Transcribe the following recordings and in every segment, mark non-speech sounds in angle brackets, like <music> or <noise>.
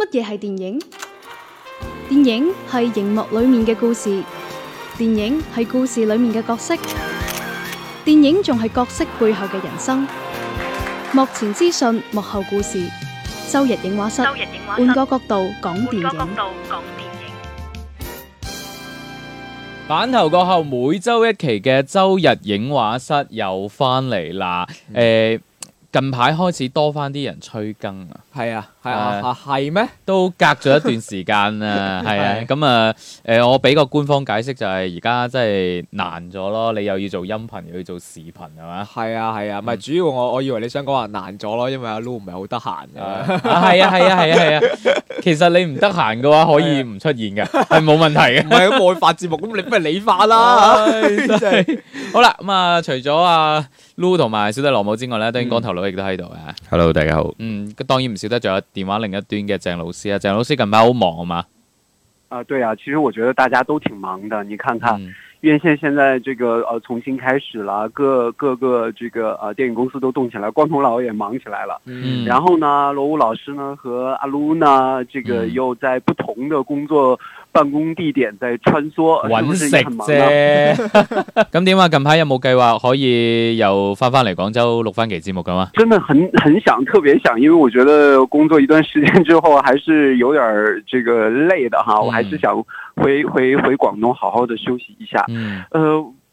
乜嘢係電影？電影係熒幕裏面嘅故事，電影係故事裏面嘅角色，電影仲係角色背後嘅人生。幕前資訊，幕後故事。周日影畫室，換個角度講電影。版頭過後，每周一期嘅周日影畫室又翻嚟啦。誒，近排開始多翻啲人催更啊！係啊，係啊，係咩？都隔咗一段時間啊，係啊，咁啊，誒，我俾個官方解釋就係而家真係難咗咯，你又要做音頻又要做視頻係嘛？係啊，係啊，唔係主要我，我以為你想講話難咗咯，因為阿 Lu 唔係好得閒嘅，係啊，係啊，係啊，係啊，其實你唔得閒嘅話可以唔出現㗎，係冇問題嘅。唔係，咁我發節目，咁你不如你發啦好啦，咁啊，除咗阿 Lu 同埋小弟羅姆之外呢，當然光頭佬亦都喺度啊。Hello，大家好。嗯，當然唔少。而家仲有電話另一端嘅鄭老師啊，鄭老師近排好忙啊嘛？啊，對啊，其實我覺得大家都挺忙的。你看看院線現在這個，呃，重新開始啦，各各個這個，呃，電影公司都動起來，光頭佬也忙起來了。嗯，然後呢，羅武老師呢和阿 Lu 娜呢，這個又在不同的工作。嗯嗯辦公地點在穿梭，搵食啫。咁點啊？近排有冇計劃可以又翻翻嚟廣州錄翻期節目咁啊？真的很很想特別想，因為我覺得工作一段時間之後，還是有點兒這個累的哈。我還是想回回回廣東好好的休息一下。嗯。呃。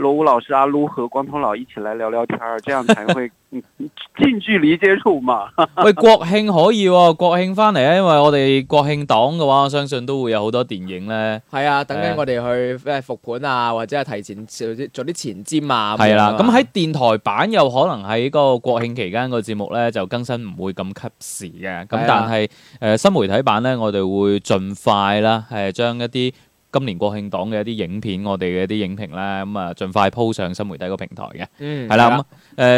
羅武老師阿盧和光頭佬一起來聊聊天，這樣才會近距離接觸嘛。喂，國慶可以喎，國慶翻嚟啊，因為我哋國慶檔嘅話，我相信都會有好多電影咧。係啊，等緊我哋去誒復盤啊，或者係提前做啲做啲前瞻啊。係啦，咁喺電台版又可能喺個國慶期間個節目咧就更新唔會咁及時嘅，咁但係誒新媒體版咧我哋會盡快啦，係將一啲。今年國慶檔嘅一啲影片，我哋嘅一啲影評啦，咁、嗯、啊盡快鋪上新媒體個平台嘅，嗯，係啦、嗯，咁誒了、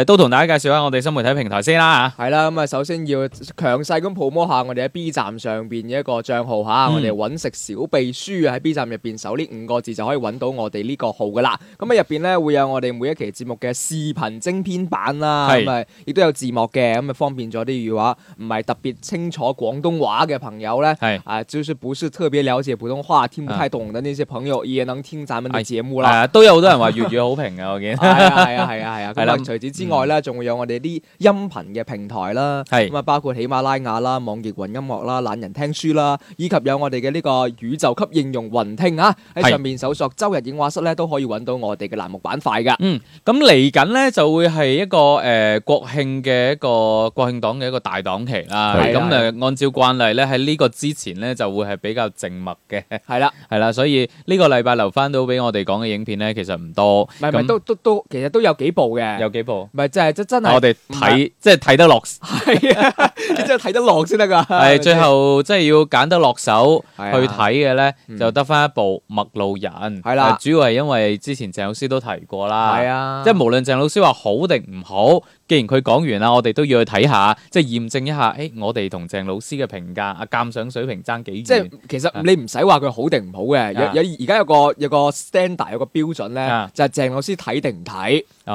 嗯、都同大家介紹下我哋新媒體平台先啦，嚇，係、嗯、啦，咁啊首先要強勢咁抱摸下我哋喺 B 站上邊嘅一個帳號嚇，嗯、我哋揾食小秘書喺 B 站入邊搜呢五個字就可以揾到我哋呢個號噶啦，咁啊入邊咧會有我哋每一期節目嘅視頻精編版啦、啊，係是，亦、嗯、都有字幕嘅，咁、嗯、啊方便咗啲，如果唔係特別清楚廣東話嘅朋友咧，係是，啊就算不，是、啊、不是特別了解普通話，聽不太懂。是嗯等啲朋友夜等天曬咁嘅節目啦，係啊，都有好多人話粵語好評嘅，我見係啊係啊係啊係啊。係啦，除此之外咧，仲會有我哋啲音頻嘅平台啦，係咁啊，包括喜馬拉雅啦、網易雲音樂啦、懶人聽書啦，以及有我哋嘅呢個宇宙級應用雲聽啊，喺上面搜索周日影畫室咧，都可以揾到我哋嘅欄目板塊噶。嗯，咁嚟緊咧就會係一個誒國慶嘅一個國慶檔嘅一個大檔期啦。係咁誒，按照慣例咧喺呢個之前咧就會係比較靜默嘅。係啦，係啦。所以呢個禮拜留翻到俾我哋講嘅影片咧，其實唔多。咁都都都，其實都有幾部嘅。有幾部？唔係，就係真真係。我哋睇，即係睇得落。係啊，即係睇得落先得噶。係最後即係要揀得落手去睇嘅咧，就得翻一部《麥路人》。係啦，主要係因為之前鄭老師都提過啦。係啊，即係無論鄭老師話好定唔好。既然佢講完啦，我哋都要去睇下，即係驗證一下。誒、哎，我哋同鄭老師嘅評價、鑒賞水平爭幾遠？即係其實你唔使話佢好定唔好嘅、啊。有有而家有個有個 stand 有個標準咧，準呢啊、就係鄭老師睇定唔睇？哦、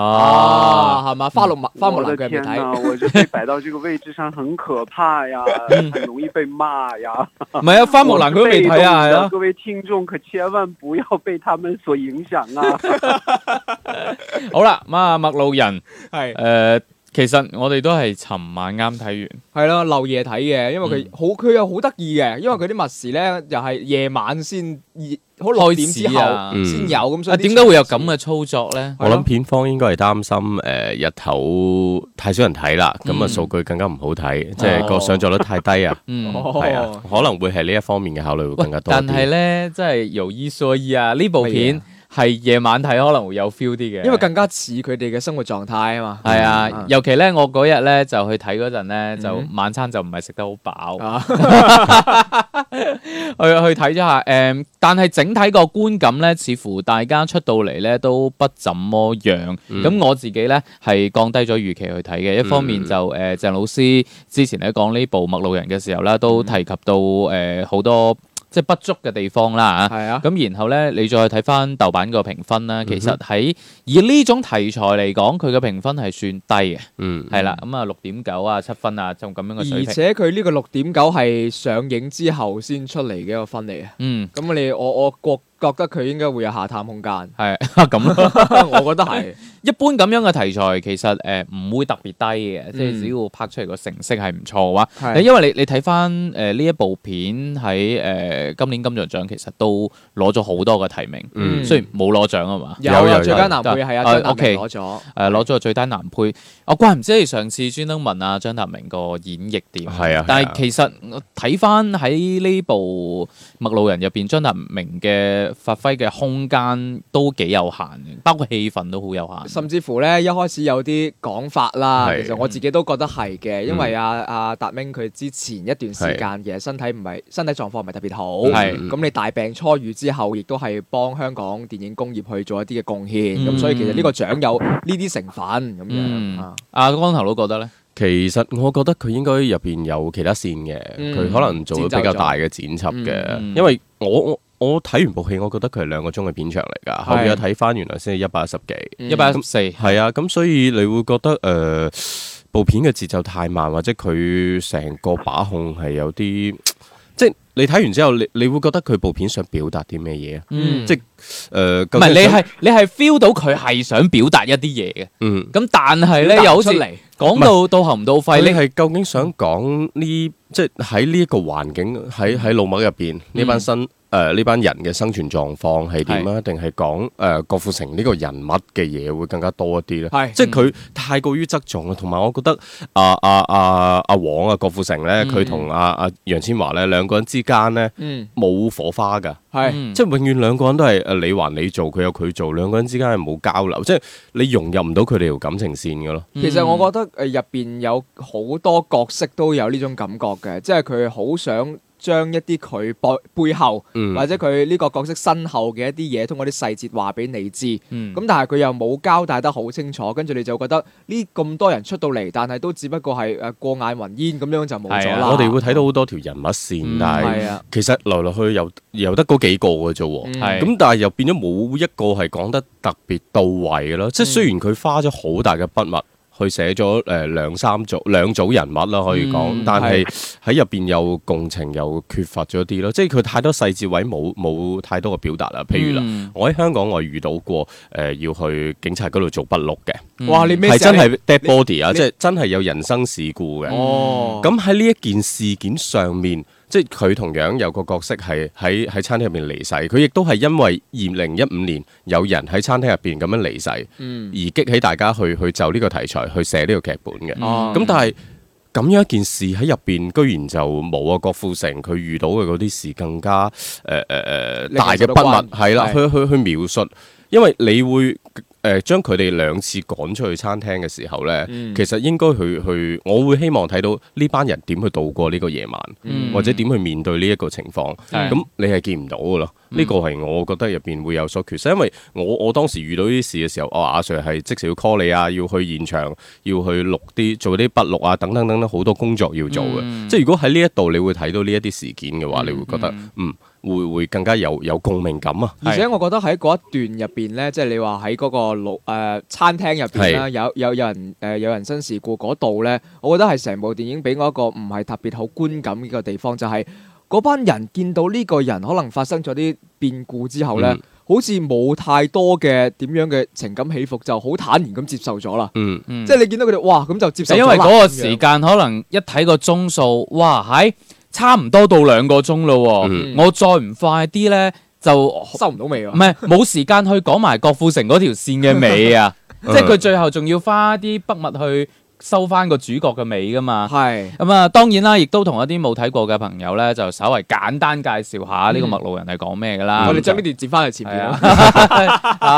啊，係嘛、啊？花木花木蘭佢未睇。我就被擺到呢個位置上很可怕呀、啊， <laughs> 很容易被罵呀、啊。唔係 <laughs> 啊，花木蘭佢都未睇啊。 <laughs> 各位聽眾可千萬不要被他們所影響啊！ <laughs> <laughs> 好啦，咁啊，麥路人係誒。 <laughs> 其實我哋都係尋晚啱睇完，係咯，漏夜睇嘅，因為佢好，佢、嗯、又好得意嘅，因為佢啲密事咧又係夜晚先好，好耐啲之後先有咁。啊、嗯，點解會有咁嘅操作咧？我諗片方應該係擔心誒、呃，日頭太少人睇啦，咁啊數據更加唔好睇，嗯、即係個上座率太低啊。係啊、哦嗯哦，可能會係呢一方面嘅考慮會更加多啲。但係咧，即係由於所以啊，呢部片。係夜晚睇可能會有 feel 啲嘅，因為更加似佢哋嘅生活狀態啊嘛。係、嗯、啊，尤其咧，我嗰日咧就去睇嗰陣咧，就、嗯、哼晚餐就唔係食得好飽，啊。 <laughs> <laughs> 去去睇咗下，誒、um，但係整體個觀感咧，似乎大家出到嚟咧都不怎麼樣。咁、嗯、我自己咧係降低咗預期去睇嘅，一方面就誒、嗯呃，鄭老師之前喺講呢部《麥路人》嘅時候咧，都提及到誒好、呃、多。即係不足嘅地方啦嚇，咁、係啊、然後咧，你再睇翻豆瓣個評分啦，其實喺、嗯、哼以呢種題材嚟講，佢嘅評分係算低嘅，係啦、嗯嗯，咁啊六點九啊七分啊，就咁樣嘅水平。而且佢呢個六點九係上映之後先出嚟嘅一個分嚟嘅，咁、嗯、你我我國。覺得佢應該會有下探空間，係咁咯，我覺得係。一般咁樣嘅題材其實誒唔會特別低嘅，即係只要拍出嚟個成色係唔錯嘅話。係，因為你你睇翻誒呢一部片喺誒今年金像獎其實都攞咗好多個提名，雖然冇攞獎啊嘛。有有最佳男配係啊，張達明攞咗誒攞咗個最佳男配。我怪唔知你上次專登問啊張達明個演繹點。係啊，但係其實睇翻喺呢部《麥路人》入邊張達明嘅。發揮嘅空間都幾有限，包括氣氛都好有限，甚至乎呢，一開始有啲講法啦。其實我自己都覺得係嘅，因為阿阿達明佢之前一段時間嘅身體唔係身體狀況唔係特別好，咁你大病初愈之後，亦都係幫香港電影工業去做一啲嘅貢獻，咁所以其實呢個獎有呢啲成分咁樣。阿光頭都覺得呢，其實我覺得佢應該入邊有其他線嘅，佢可能做比較大嘅剪輯嘅，因為我。我睇完部戲，我覺得佢係兩個鐘嘅片長嚟噶，後面又睇翻原來先係一百一十幾，一百一十四，係啊，咁所以你會覺得誒，部片嘅節奏太慢，或者佢成個把控係有啲，即係你睇完之後，你你會覺得佢部片想表達啲咩嘢啊？即係誒，唔係你係你係 feel 到佢係想表達一啲嘢嘅，嗯，咁但係咧，又好似講到到喉唔到肺，你係究竟想講呢？即係喺呢一個環境，喺喺老麥入邊呢班新。誒呢班人嘅生存狀況係點啊？定係講誒郭富城呢個人物嘅嘢會更加多一啲咧？係，即係佢太過於側重啦。同埋我覺得阿阿阿阿黃啊，郭富城咧，佢同阿阿楊千嬅咧，兩個人之間咧，冇火花㗎。係，即係永遠兩個人都係誒你還你做，佢有佢做，兩個人之間係冇交流，即係你融入唔到佢哋條感情線㗎咯。其實我覺得誒入邊有好多角色都有呢種感覺嘅，即係佢好想。將一啲佢背背後、嗯、或者佢呢個角色身後嘅一啲嘢，通過啲細節話俾你知。咁、嗯、但係佢又冇交代得好清楚，跟住你就覺得呢咁多人出到嚟，但係都只不過係誒過眼雲煙咁樣就冇咗啦。啊、我哋會睇到好多條人物線，但係其實來來去又又得嗰幾個嘅啫。咁、啊嗯、但係又變咗冇一個係講得特別到位嘅咯。即係雖然佢花咗好大嘅筆墨。去寫咗誒、呃、兩三組兩組人物啦、啊，可以講，嗯、但係喺入邊有共情又缺乏咗啲咯，即係佢太多細節位冇冇太多嘅表達啦。譬如啦，嗯、我喺香港我遇到過誒、呃、要去警察嗰度做筆錄嘅，哇、嗯！你係真係 dead body 啊，即係真係有人生事故嘅。哦，咁喺呢一件事件上面。即係佢同樣有個角色係喺喺餐廳入邊離世，佢亦都係因為二零一五年有人喺餐廳入邊咁樣離世，嗯、而激起大家去去就呢個題材去寫呢個劇本嘅。咁、嗯嗯嗯、但係咁樣一件事喺入邊，居然就冇啊！郭富城佢遇到嘅嗰啲事更加誒誒誒大嘅不密。係啦，去去去描述，因為你會。誒、呃、將佢哋兩次趕出去餐廳嘅時候呢，嗯、其實應該去去，我會希望睇到呢班人點去度過呢個夜晚，嗯、或者點去面對呢一個情況。咁、嗯嗯、你係見唔到嘅咯？呢個係我覺得入邊會有所缺失，因為我我當時遇到呢啲事嘅時候，我、哦、阿 Sir 係即時要 call 你啊，要去現場，要去錄啲做啲筆錄啊，等等等等好多工作要做嘅。嗯、即係如果喺呢一度你會睇到呢一啲事件嘅話，你會覺得嗯。會會更加有有共鳴感啊！而且我覺得喺嗰一段入邊呢，即係你話喺嗰個老誒、呃、餐廳入邊啦，有有人誒、呃、有人生事故嗰度呢，我覺得係成部電影俾我一個唔係特別好觀感嘅地方，就係嗰班人見到呢個人可能發生咗啲變故之後呢，嗯、好似冇太多嘅點樣嘅情感起伏，就好坦然咁接受咗啦。嗯嗯、即係你見到佢哋，哇咁就接受，因為嗰個時間可能一睇個鐘數，哇喺。Hi? 差唔多到兩個鐘咯，嗯、我再唔快啲咧就收唔到尾喎。唔係，冇時間去講埋郭富城嗰條線嘅尾啊， <laughs> 即係佢最後仲要花啲筆墨去。收翻個主角嘅尾噶嘛？係咁啊。當然啦，亦都同一啲冇睇過嘅朋友咧，就稍為簡單介紹下呢個麥路人係講咩噶啦。我哋將呢段接翻去前面啊。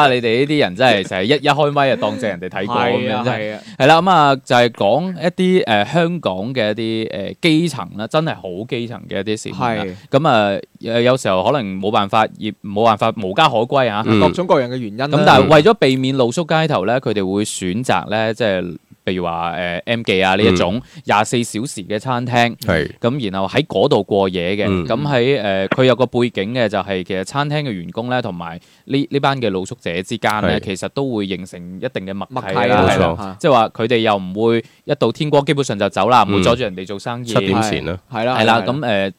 你哋呢啲人真係成日一一開咪就當正人哋睇過咁樣真係。係啦，咁啊就係講一啲誒香港嘅一啲誒基層啦，真係好基層嘅一啲事件。咁啊，有時候可能冇辦法，亦冇辦法無家可歸啊，各種各樣嘅原因。咁但係為咗避免露宿街頭咧，佢哋會選擇咧，即係。例如話誒 M 記啊呢一種廿四小時嘅餐廳，咁然後喺嗰度過夜嘅，咁喺誒佢有個背景嘅就係其實餐廳嘅員工咧，同埋呢呢班嘅露宿者之間咧，其實都會形成一定嘅默契啦，即係話佢哋又唔會一到天光基本上就走啦，唔會阻住人哋做生意。七點前啦，係啦，係啦，咁誒。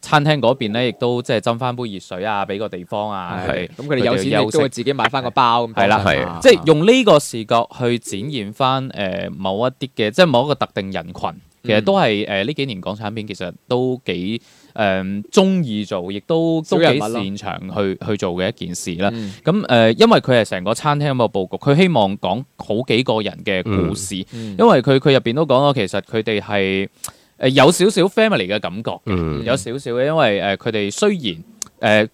餐廳嗰邊咧，亦都即係斟翻杯熱水啊，俾個地方啊。咁佢哋有時都會自己買翻個包。係啦，係。即係用呢個視角去展現翻誒某一啲嘅，即係某一個特定人群。其實都係誒呢幾年港產片其實都幾誒中意做，亦都都幾擅長去去做嘅一件事啦。咁誒，因為佢係成個餐廳咁嘅佈局，佢希望講好幾個人嘅故事。因為佢佢入邊都講咗，其實佢哋係。誒有少少 family 嘅感覺，嘅，有少少嘅，因為誒佢哋雖然誒、呃、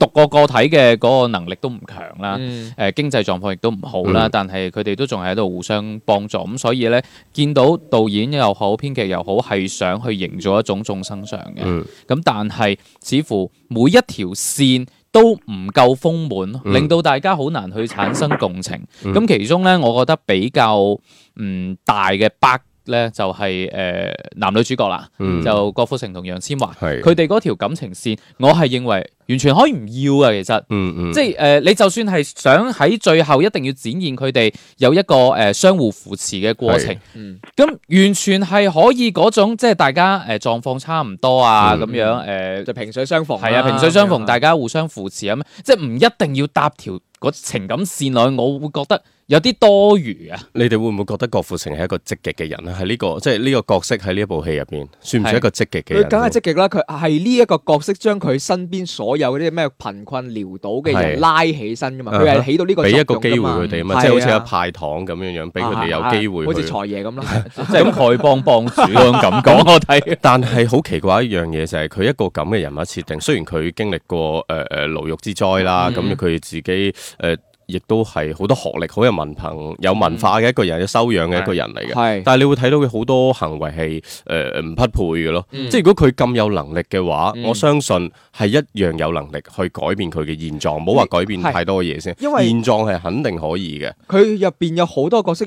獨個個體嘅嗰個能力都唔強啦，誒、嗯呃、經濟狀況亦都唔好啦，嗯、但係佢哋都仲係喺度互相幫助咁，嗯、所以咧見到導演又好，編劇又好，係想去營造一種眾生相嘅，咁、嗯嗯嗯、但係似乎每一條線都唔夠豐滿，令到大家好難去產生共情。咁、嗯嗯嗯嗯嗯、其中咧，我覺得比較唔大嘅百。咧就係誒男女主角啦，就郭富城同楊千嬅，佢哋嗰條感情線，我係認為完全可以唔要啊。其實，即係誒，你就算係想喺最後一定要展現佢哋有一個誒、呃、相互扶持嘅過程，咁的、嗯嗯、完全係可以嗰種，即係大家誒、呃、狀況差唔多啊，咁、嗯嗯、樣誒、呃、就萍水相逢，係啊，萍水相逢，大家互相扶持啊，即係唔一定要搭條情感線落去，我會覺得。有啲多餘啊！你哋會唔會覺得郭富城係一個積極嘅人咧？喺呢、呢個即係呢個角色喺呢一部戲入邊，算唔算一個積極嘅人？梗係積極啦！佢係呢一個角色，將佢身邊所有嗰啲咩貧困潦倒嘅人拉起身噶嘛？佢係的起到呢個俾一個機會佢哋啊嘛！即係好似一派糖咁樣樣，俾佢哋有機會。好似財爺咁咯，即係咁丐幫幫主咁感覺 <laughs> 我睇。但係好奇怪一樣嘢就係佢一個咁嘅人物設定，雖然佢經歷過誒誒牢獄之災啦，咁佢自己誒。嗯亦都係好多學歷好有文憑有文化嘅一個人，有修養嘅一個人嚟嘅。嗯、但係你會睇到佢好多行為係誒唔匹配嘅咯。嗯、即係如果佢咁有能力嘅話，嗯、我相信係一樣有能力去改變佢嘅現狀，唔好話改變太多嘢先。因為現狀係肯定可以嘅。佢入邊有好多角色，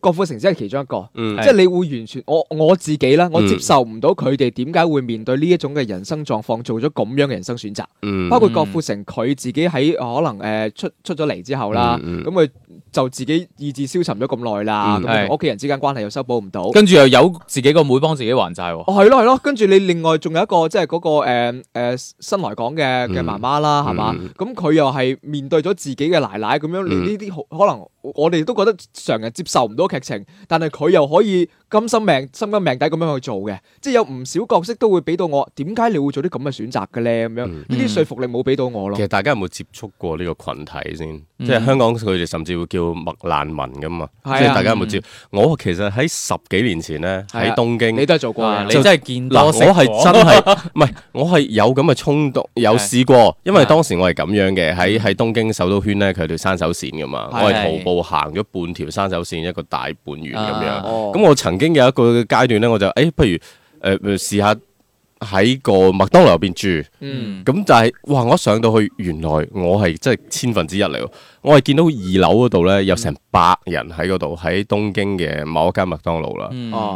郭富城只係其中一個，嗯、即係你會完全我我自己啦，我接受唔到佢哋點解會面對呢一種嘅人生狀況做咗咁樣嘅人生選擇，嗯嗯、包括郭富城佢自己喺可能誒出出咗嚟。嚟之後啦，咁佢、嗯嗯、就自己意志消沉咗咁耐啦，咁屋企人之間關係又修補唔到，跟住又有自己個妹幫自己還債喎、哦，係咯係咯，跟住你另外仲有一個即係嗰、嗰個誒誒、呃呃、新來港嘅嘅媽媽啦，係嘛，咁佢又係面對咗自己嘅奶奶咁樣，你呢啲好可能。我哋都覺得成日接受唔到劇情，但係佢又可以甘心命、心甘命底咁樣去做嘅，即係有唔少角色都會俾到我，點解你會做啲咁嘅選擇嘅咧？咁樣呢啲説服力冇俾到我咯。其實大家有冇接觸過呢個群體先？即係香港佢哋甚至會叫麥難民噶嘛？即係大家有冇接？我其實喺十幾年前咧，喺東京，你都係做過，你真係見到我係真係，唔係我係有咁嘅衝動，有試過，因為當時我係咁樣嘅，喺喺東京首都圈咧，佢條山手線噶嘛，我係徒步。我行咗半條山手線一個大半圓咁樣，咁、啊哦、我曾經有一個階段呢，我就誒，不、哎、如誒試下喺個麥當勞入邊住，咁、嗯、就係、是、哇！我一上到去，原來我係真係千分之一嚟，我係見到二樓嗰度呢，有成百人喺嗰度喺東京嘅某一間麥當勞啦，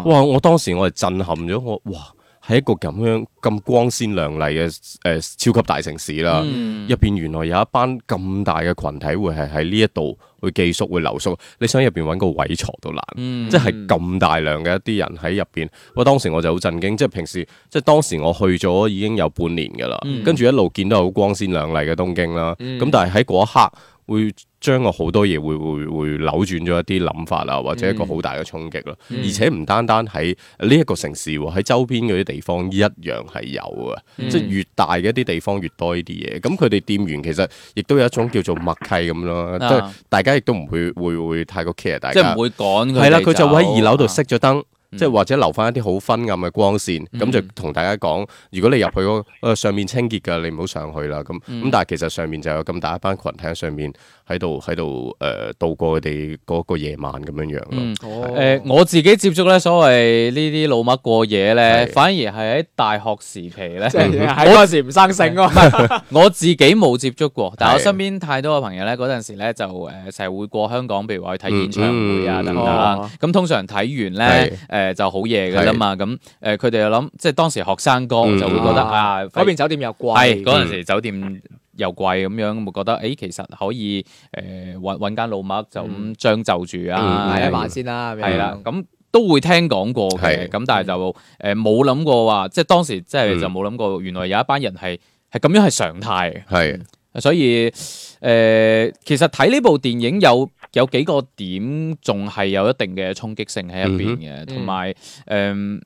哇、嗯！我當時我係震撼咗我哇！係一個咁樣咁光鮮亮麗嘅誒、呃、超級大城市啦，入邊、嗯、原來有一班咁大嘅群體會係喺呢一度會寄宿、會留宿，你想入邊揾個位坐都難，嗯、即係咁大量嘅一啲人喺入邊。我當時我就好震驚，即係平時即係當時我去咗已經有半年㗎啦，跟住、嗯、一路見到好光鮮亮麗嘅東京啦，咁、嗯嗯、但係喺嗰一刻。會將我好多嘢會會會扭轉咗一啲諗法啊，或者一個好大嘅沖擊咯。嗯、而且唔單單喺呢一個城市喎，喺周邊嗰啲地方一樣係有啊，嗯、即係越大嘅一啲地方，越多呢啲嘢。咁佢哋店員其實亦都有一種叫做默契咁咯。即係、啊、大家亦都唔會會會太過 care 大家。即係唔會趕。係啦，佢就會喺二樓度熄咗燈。啊即係或者留翻一啲好昏暗嘅光線，咁、嗯、就同大家講，如果你入去嗰上面清潔㗎，你唔好上去啦。咁咁，嗯、但係其實上面就有咁大一班群體喺上面。喺度喺度誒度過佢哋嗰個夜晚咁樣樣咯。誒我自己接觸咧，所謂呢啲老麥過夜咧，反而係喺大學時期咧，我嗰陣時唔生性咯。我自己冇接觸過，但係我身邊太多嘅朋友咧，嗰陣時咧就成日會過香港，譬如話去睇演唱會啊等等啦。咁通常睇完咧誒就好夜噶啦嘛。咁誒佢哋又諗，即係當時學生哥就會覺得啊，嗰邊酒店又貴。係嗰陣時酒店。又貴咁樣，咪覺得誒，其實可以誒，揾、呃、揾間老麥就咁、嗯、將就住啊，嗯、啊買一萬先啦、啊。係啦、啊，咁都會聽講過嘅，咁的但係就誒冇諗過話，即係當時即係就冇諗過，原來有一班人係係咁樣係常態嘅。係的，嗯、所以誒、呃，其實睇呢部電影有有幾個點仲係有一定嘅衝擊性喺入邊嘅，同埋誒，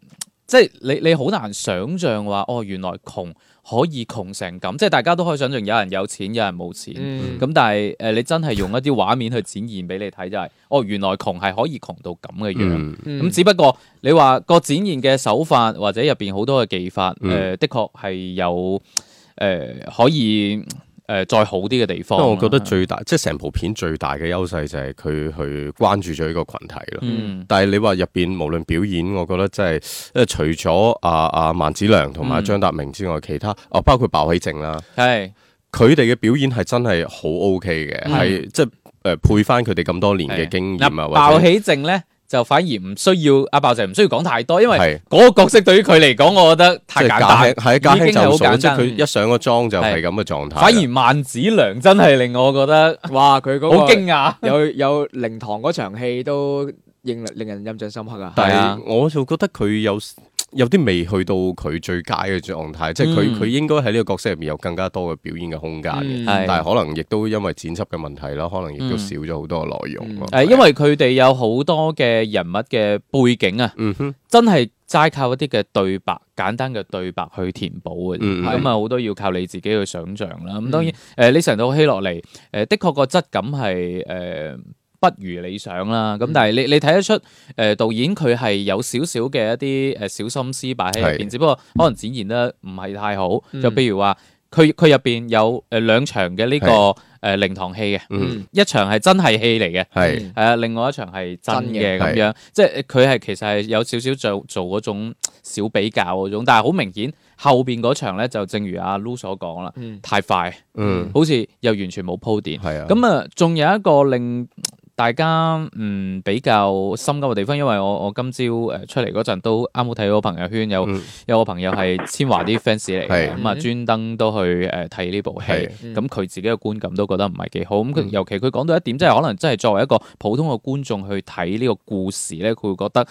即係你你好難想像話，哦，原來，原來窮。可以窮成咁，即係大家都可以想象，有人有錢，有人冇錢。咁、嗯、但係誒，你真係用一啲畫面去展現俾你睇、就係，就係哦，原來窮係可以窮到咁嘅樣。咁、嗯、只不過你話個展現嘅手法或者入邊好多嘅技法，誒、嗯呃，的確係有誒、呃、可以。誒、呃，再好啲嘅地方，因為我覺得最大的即係成部片最大嘅優勢就係佢去關注咗呢個群體咯。嗯、但係你話入邊無論表演，我覺得真係，因為除咗阿阿萬梓良同埋張達明之外，嗯、其他哦、啊、包括鮑起靜啦，係佢哋嘅表演係真係好 OK 嘅，係即係誒配翻佢哋咁多年嘅經驗啊。鮑的起靜咧。就反而唔需要阿爆，就唔需要講太多，因為嗰個角色對於佢嚟講，我覺得太簡單。係嘉慶好簡單，即係佢一上個妝就係咁嘅狀態。反而萬梓良真係令我覺得，哇佢嗰個好驚訝，有有靈堂嗰場戲都令令人印象深刻啊。係啊，我就覺得佢有。有啲未去到佢最佳嘅狀態，嗯、即係佢佢應該喺呢個角色入面有更加多嘅表演嘅空間，嗯、但係可能亦都因為剪輯嘅問題啦，可能亦都少咗好多內容。誒、嗯，吧因為佢哋有好多嘅人物嘅背景啊，嗯、哼真係齋靠一啲嘅對白，簡單嘅對白去填補嘅，咁啊好多要靠你自己去想象啦。咁當然，誒、嗯呃，你成套戲落嚟，誒、呃，的確個質感係誒。呃不如理想啦，咁但係你你睇得出，誒導演佢係有少少嘅一啲誒小心思擺喺入邊，只不過可能展現得唔係太好。就譬如話，佢佢入邊有誒兩場嘅呢個誒靈堂戲嘅，一場係真係戲嚟嘅，誒另外一場係真嘅咁樣，即係佢係其實係有少少做做嗰種小比較嗰種，但係好明顯後邊嗰場咧就正如阿 Lu 所講啦，太快，嗯，好似又完全冇鋪墊，咁啊，仲有一個令。大家嗯比較心急嘅地方，因為我我今朝誒出嚟嗰陣都啱好睇到朋友圈有、嗯、有個朋友係千嬅啲 fans 嚟，咁啊專登都去誒睇呢部戲，咁佢、嗯、自己嘅觀感都覺得唔係幾好。咁、嗯、尤其佢講到一點，即係可能真係作為一個普通嘅觀眾去睇呢個故事咧，佢會覺得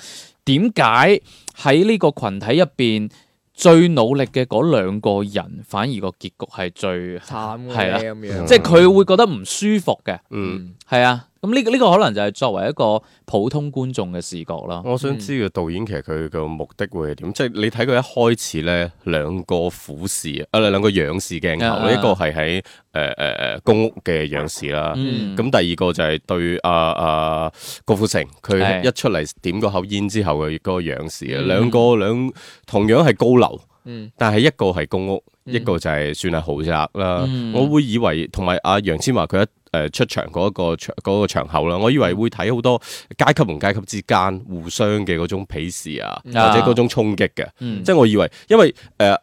點解喺呢個群體入邊最努力嘅嗰兩個人，反而個結局係最慘嘅。咁，即係佢會覺得唔舒服嘅，嗯，係、嗯、啊。咁呢個呢個可能就係作為一個普通觀眾嘅視覺啦。我想知道導演其實佢嘅目的會係點？嗯、即係你睇佢一開始咧兩個俯視啊，啊兩個仰視鏡頭，一、嗯嗯、個係喺誒誒誒公屋嘅仰視啦。咁、嗯、第二個就係對阿阿、啊啊、郭富城佢一出嚟點個口煙之後嘅嗰個仰視啊。兩、嗯、個兩同樣係高樓，嗯、但係一個係公屋，嗯、一個就係算係豪宅啦。嗯嗯、我會以為同埋阿楊千嬅佢一。誒出場嗰、那、一、個嗰個場口啦，我以為會睇好多階級同階級之間互相嘅嗰種鄙視啊，或者嗰種衝擊嘅，啊嗯、即係我以為，因為誒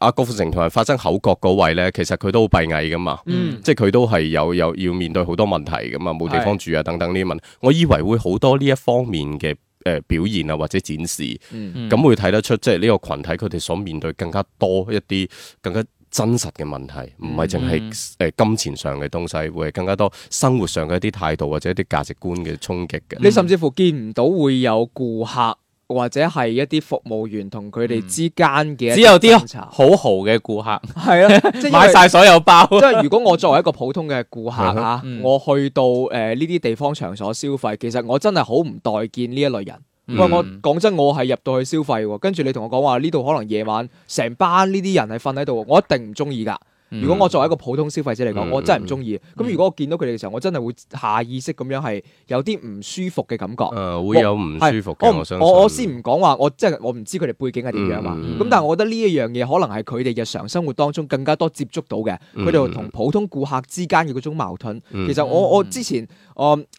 阿、呃、郭富城同埋發生口角嗰位咧，其實佢都好閉翳噶嘛，嗯、即係佢都係有有要面對好多問題噶嘛，冇地方住啊等等呢啲問，是我以為會好多呢一方面嘅誒、呃、表現啊或者展示，咁、嗯嗯、會睇得出即係呢個群體佢哋所面對更加多一啲更加。真實嘅問題，唔係淨係誒金錢上嘅東西，會係更加多生活上嘅一啲態度或者一啲價值觀嘅衝擊嘅。你、嗯、甚至乎見唔到會有顧客或者係一啲服務員同佢哋之間嘅只有啲咯，好豪嘅顧客係、嗯、啊，就是、 <laughs> 買晒所有包。即係如果我作為一個普通嘅顧客啊， <laughs> 我去到誒呢啲地方場所消費，嗯、其實我真係好唔待見呢一類人。餵、嗯、我講真，我係入到去消費喎。跟住你同我講話，呢度可能夜晚成班呢啲人係瞓喺度，我一定唔中意噶。如果我作為一個普通消費者嚟講，嗯、我真係唔中意。咁、嗯、如果我見到佢哋嘅時候，我真係會下意識咁樣係有啲唔舒服嘅感覺。誒、嗯，會有唔舒服嘅。我我先唔講話，我即係我唔知佢哋背景係點樣嘛。咁、嗯、但係我覺得呢一樣嘢，可能係佢哋日常生活當中更加多接觸到嘅，佢哋同普通顧客之間嘅嗰種矛盾。其實我我之前。嗯嗯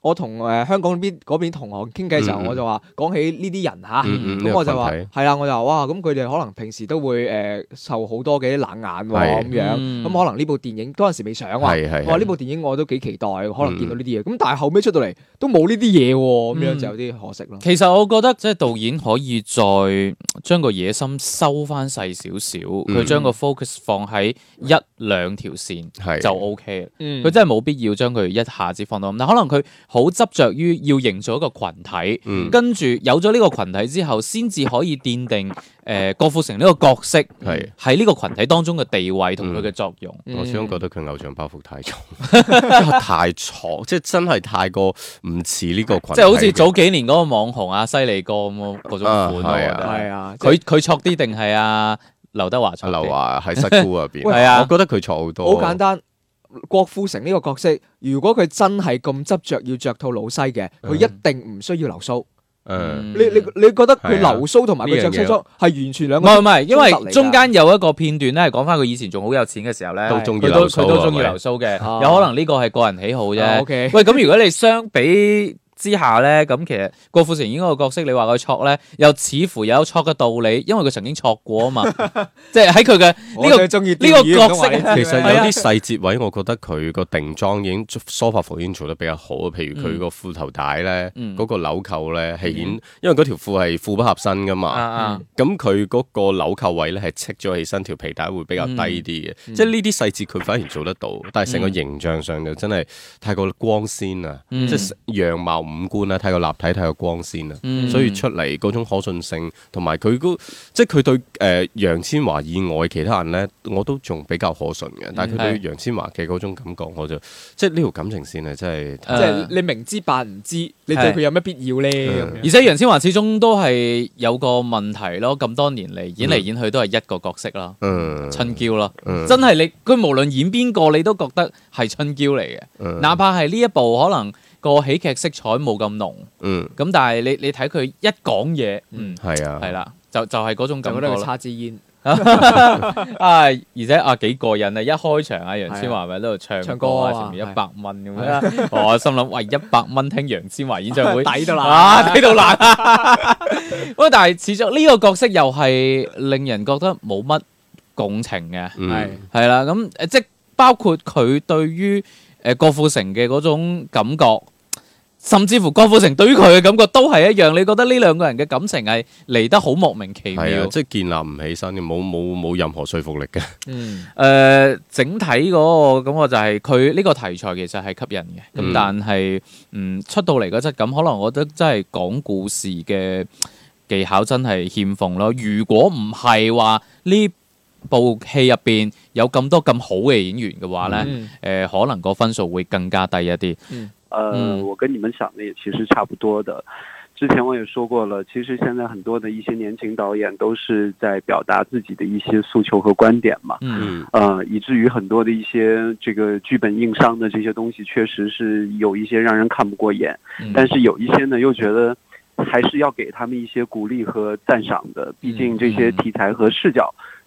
我同誒香港邊嗰邊同行傾偈時候，我就話講起呢啲人嚇、嗯，咁、嗯嗯這個、我就話係啦，我就話哇，咁佢哋可能平時都會誒、呃、受好多嘅冷眼喎、哦，咁是樣咁、嗯嗯、可能呢部電影嗰陣時未上喎，嗯、我話呢部電影我都幾期待，可能見到呢啲嘢，咁、嗯、但係後尾出到嚟都冇呢啲嘢喎，咁、嗯、樣就有啲可惜咯。其實我覺得即係導演可以再將個野心收翻細少少，佢、嗯、將個 focus 放喺一兩條線就 OK，佢真係冇必要將佢一下子放到咁，可能。佢好執着於要營造一個群體，跟住有咗呢個群體之後，先至可以奠定誒郭富城呢個角色，係喺呢個群體當中嘅地位同佢嘅作用。我始終覺得佢偶像包袱太重，真係太重，即係真係太過唔似呢個羣。即係好似早幾年嗰個網紅啊犀利哥咁嗰種款。係啊，係啊，佢佢錯啲定係啊？劉德華錯？劉華喺《失孤》入邊，我覺得佢錯好多。好簡單。郭富城呢個角色，如果佢真係咁執着要着套老西嘅，佢、嗯、一定唔需要留鬚。誒、嗯，你你你覺得佢留鬚同埋佢着西裝係完全兩個唔係，唔係，因為中間有一個片段咧，係講翻佢以前仲好有錢嘅時候咧，佢對都佢都中意留鬚嘅。啊、有可能呢個係個人喜好啫。嗯 okay. <laughs> 喂，咁如果你相比。之下咧，咁其實郭富城演個角色，你話佢錯咧，又似乎又有錯嘅道理，因為佢曾經錯過啊嘛。 <laughs> 即係喺佢嘅呢個呢個角色，其實有啲細節位，我覺得佢個定妝已經梳化服已經做得比較好啊。譬如佢、嗯、個褲頭帶咧，個紐扣咧係顯，因為條褲係褲不合身噶嘛。咁佢、嗯嗯、個紐扣位咧係締咗起身，條皮帶會比較低啲嘅。嗯嗯嗯、即係呢啲細節佢反而做得到，但係成個形象上就真係太過光鮮啊！嗯嗯、即係樣貌。五官咧睇個立體，睇個光線啊，嗯、所以出嚟嗰種可信性，同埋佢嗰即係佢對誒楊、呃、千嬅以外其他人咧，我都仲比較可信嘅。但係佢對楊千嬅嘅嗰種感覺，我就即係呢條感情綫啊，真係即係你明知扮唔知，你對佢有咩必要咧？嗯、而且楊千嬅始終都係有個問題咯，咁多年嚟演嚟演去都係一個角色啦，嗯、春嬌啦，嗯、真係你佢無論演邊個，你都覺得係春嬌嚟嘅，嗯、哪怕係呢一部可能。個喜劇色彩冇咁濃，嗯，咁但係你你睇佢一講嘢，嗯，係啊，係啦，就就係嗰種感覺，就覺得佢叉支煙，啊，而且啊幾過癮啊！一開場啊楊千嬅咪喺度唱唱歌啊，前面一百蚊咁樣，我心諗，喂，一百蚊聽楊千嬅演唱會，抵到爛啊，抵到爛喂，但係始終呢個角色又係令人覺得冇乜共情嘅，係係啦，咁誒即係包括佢對於。誒、呃，郭富城嘅嗰種感覺，甚至乎郭富城對於佢嘅感覺都係一樣。你覺得呢兩個人嘅感情係嚟得好莫名其妙，係啊？即係建立唔起身冇冇冇任何說服力嘅。嗯，誒、呃，整體嗰個感覺就係佢呢個題材其實係吸引嘅。咁但係，嗯，嗯，出到嚟嗰質感，可能我覺得真係講故事嘅技巧真係欠奉咯。如果唔係話呢？部戲入邊有咁多咁好嘅演員嘅話呢，誒、嗯呃，可能個分數會更加低一啲。嗯，呃，我跟你們想的也其實差不多的。之前我也說過了，其實現在很多的一些年輕導演都是在表達自己的一些訴求和觀點嘛。嗯，呃，以至於很多的一些這個劇本硬傷的這些東西，確實是有一些讓人看不過眼。但是有一些呢，又覺得還是要給他們一些鼓勵和讚賞的，畢竟這些題材和視角。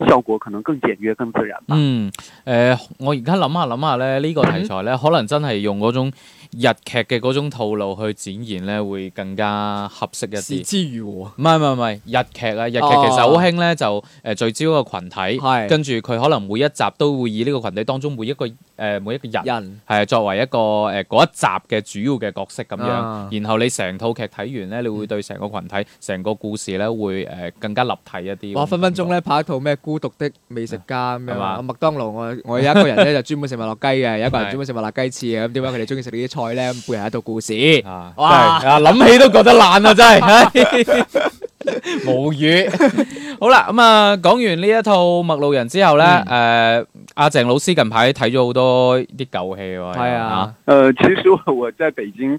效果可能更簡約、更自然。嗯，誒、呃，我而家諗下諗下咧，呢、呢個題材咧，可能真係用嗰種日劇嘅嗰種套路去展現咧，會更加合適一啲。之唔係唔係唔係日劇啊？日劇其實好興咧，哦、就誒、呃、聚焦個群體，是跟住佢可能每一集都會以呢個群體當中每一個誒、呃、每一個人係人作為一個誒嗰、呃、一集嘅主要嘅角色咁樣。啊、然後你成套劇睇完咧，你會對成個群體、成、嗯、個故事咧會誒、呃、更加立體一啲。哇！哇分分鐘咧拍一套咩？孤獨的美食家咩話啊！麥當勞，我我有一個人咧，就專門食麥樂雞嘅，有一個人專門食麥辣雞翅嘅。咁點解佢哋中意食呢啲菜咧？咁背後一套故事啊！哇！諗起都覺得爛啊！真係無語。好啦，咁啊，講完呢一套《麥路人》之後咧，誒，阿鄭老師近排睇咗好多啲舊戲喎。係啊，誒，其實我在北京。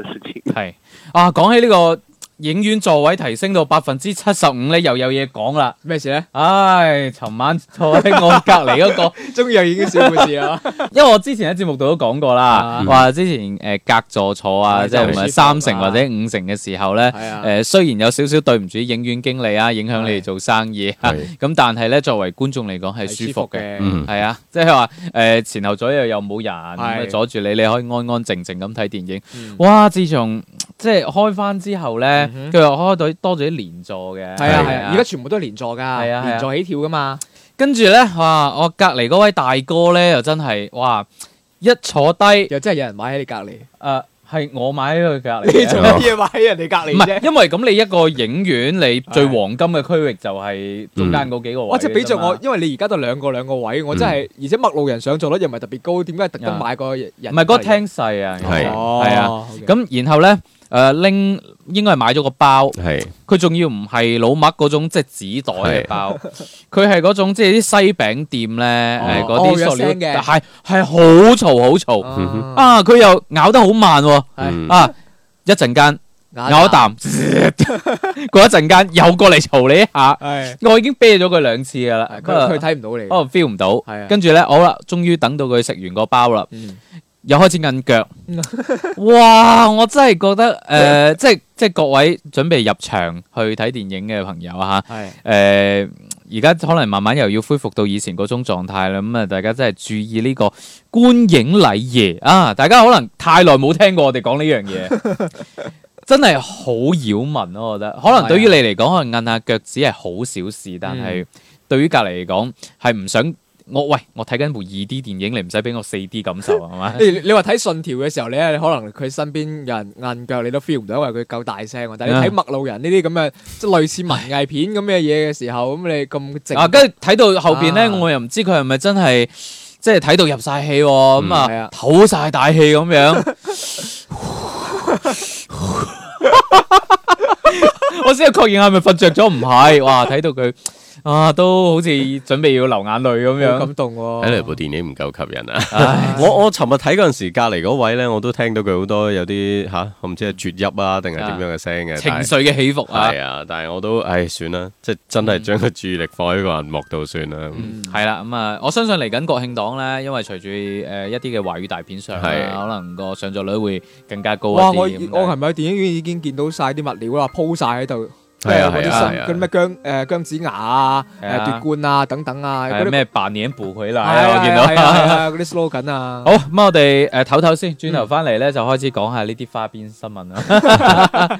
係，啊講起呢個。影院座位提升到百分之七十五咧，又有嘢講啦。咩事咧？唉，尋晚坐喺我隔籬嗰個，終於又已經少回事啦。因為我之前喺節目度都講過啦，話之前誒隔座坐啊，即係唔係三成或者五成嘅時候咧，誒雖然有少少對唔住影院經理啊，影響你哋做生意，咁但係咧，作為觀眾嚟講係舒服嘅，係啊，即係話誒前後左右又冇人，阻住你，你可以安安靜靜咁睇電影。哇！自從即係開翻之後咧。佢話開多咗啲連座嘅，係啊係啊，而家全部都係連座噶，連座起跳噶嘛。跟住咧，哇！我隔離嗰位大哥咧，又真係哇！一坐低又真係有人買喺你隔離。誒，係我買喺佢隔離，你做啲嘢買喺人哋隔離。唔係，因為咁你一個影院你最黃金嘅區域就係中間嗰幾個位，即係比著我，因為你而家都兩個兩個位，我真係。而且麥路人上座率又唔係特別高，點解特登買個？唔係嗰廳細啊，係啊，咁然後咧誒拎。應該係買咗個包，係佢仲要唔係老麥嗰種即係紙袋嘅包，佢係嗰種即係啲西餅店咧，係嗰啲塑料，係係好嘈好嘈啊！佢又咬得好慢，啊一陣間咬一啖，過一陣間又過嚟嘈你一下，我已經啤咗佢兩次噶啦，佢睇唔到你，哦 feel 唔到，係跟住咧好啦，終於等到佢食完個包啦。又開始摁腳， <laughs> 哇！我真係覺得誒、呃，即係即係各位準備入場去睇電影嘅朋友嚇，係，而家可能慢慢又要恢復到以前嗰種狀態啦。咁啊，大家真係注意呢個觀影禮儀啊！大家可能太耐冇聽過我哋講呢樣嘢， <laughs> 真係好擾民咯。我覺得可能對於你嚟講，的可能摁下腳趾係好小事，但係對於隔籬嚟講，係唔想。我喂，我睇緊部二 D 電影，你唔使俾我四 D 感受係嘛？你你話睇信條嘅時候，你，呢你可能佢身邊有人硬腳，你都 feel 唔到，因為佢夠大聲。但係你睇《麥路人》呢啲咁嘅，即係類似文藝片咁嘅嘢嘅時候，咁的你咁靜。啊，跟住睇到後邊咧，我又唔知佢係咪真係，即係睇到入晒氣，咁啊，唞晒大氣咁樣。我先確認係咪瞓着咗？唔係，哇！睇到佢。啊，都好似準備要流眼淚咁樣， <laughs> 感動喎，啊！睇嚟，部電影唔夠吸引啊！ <laughs> 唉我我尋日睇嗰陣時，隔籬嗰位咧，我都聽到佢好多有啲吓，我唔知係啜泣啊，定係點樣嘅聲嘅情緒嘅起伏吓，啊。係啊，但係我都唉，算啦，即係真係將個注意力放喺個人幕度算啦。係啦，嗯、咁、嗯、啊、嗯，我相信嚟緊國慶檔咧，因為隨住誒一啲嘅華語大片上，啊，是可能個上座率會更加高。哇！我我係咪喺電影院已經見到晒啲物料啦，鋪晒喺度。係啊，嗰啲咩姜誒姜子牙啊，誒奪冠啊等等啊，嗰啲咩扮年補回來啊，我見到啊，嗰啲 slogan 啊。好，咁我哋誒唞唞先，轉頭翻嚟咧就開始講下呢啲花邊新聞啊。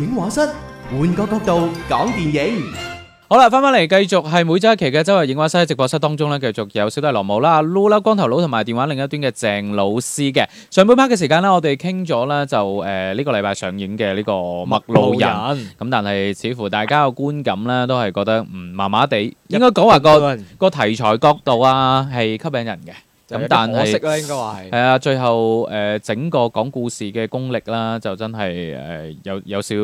影畫室，換個角度， <music> 講電影。好啦，返返嚟繼續係每週一期嘅周日影畫室，喺直播室當中呢，繼續有小弟羅毛啦、阿 Lo 啦、光頭佬，同埋電話另一端嘅鄭老師嘅。上半 part 嘅時間呢，我哋傾咗呢就，呃，呢個禮拜上映嘅呢個《麥路人》。咁但係似乎大家嘅觀感呢，都係覺得唔麻麻地。應該講話個個題材角度啊，係吸引人嘅。咁但係，係啊，最後誒、呃、整個講故事嘅功力啦，就真係誒、呃、有有少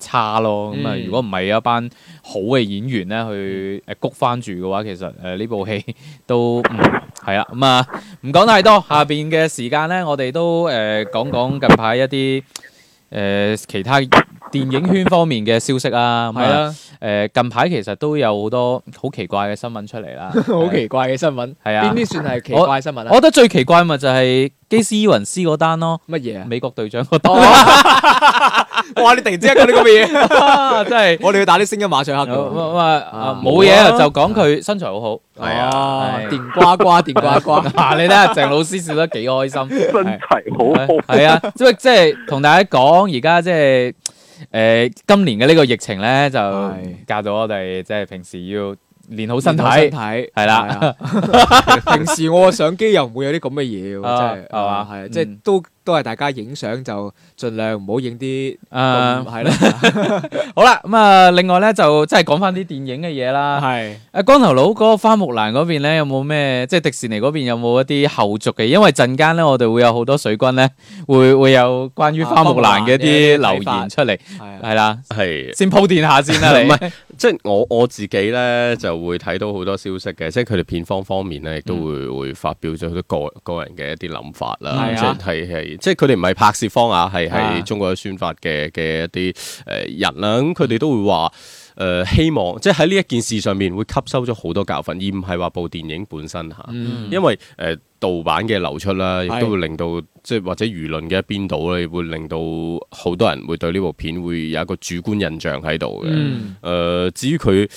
差咯。咁啊、嗯，如果唔係一班好嘅演員咧去誒谷翻住嘅話，其實誒呢、呃、部戲都唔係、嗯、啊。咁、嗯、啊，唔講太多。下邊嘅時間咧，我哋都誒、呃、講講近排一啲誒、呃、其他。電影圈方面嘅消息啊，係啦，誒近排其實都有好多好奇怪嘅新聞出嚟啦，好奇怪嘅新聞，係啊，邊啲算係奇怪新聞啊？我覺得最奇怪咪就係基斯伊雲斯嗰單咯，乜嘢啊？美國隊長個單，哇！你突然之間講呢個嘢，真係，即係我哋要打啲聲音馬上嚇佢，唔係啊，冇嘢就講佢身材好好，係啊，電瓜瓜電瓜瓜，你睇下鄭老師笑得幾開心，身材好好，啊，即即係同大家講而家即係。誒、呃、今年嘅呢個疫情咧，就教咗我哋即係平時要練好身體身體。係啦。啊、平時我個相機又唔會有啲咁嘅嘢喎，真係嘛，係、啊啊啊啊啊嗯、即係。都。都係大家影相就盡量唔好影啲，啊係啦，好啦咁啊，另外咧就即係講翻啲電影嘅嘢啦，係阿光頭佬嗰個花木蘭嗰邊咧有冇咩即係迪士尼嗰邊有冇一啲後續嘅？因為陣間咧我哋會有好多水軍咧會會有關於花木蘭嘅一啲留言出嚟，係啦，係先鋪墊下先啦，你唔係即係我我自己咧就會睇到好多消息嘅，即係佢哋片方方面咧亦都會會發表咗好多個個人嘅一啲諗法啦，即係。即係佢哋唔係拍攝方啊，係喺中國宣發嘅嘅一啲誒人啦。咁佢哋都會話誒、呃、希望，即係喺呢一件事上面會吸收咗好多教訓，而唔係話部電影本身嚇。因為誒呃、盜版嘅流出啦，亦都會令到即係或者輿論嘅一邊倒咧，會令到好多人會對呢部片會有一個主觀印象喺度嘅。誒、嗯呃，至於佢。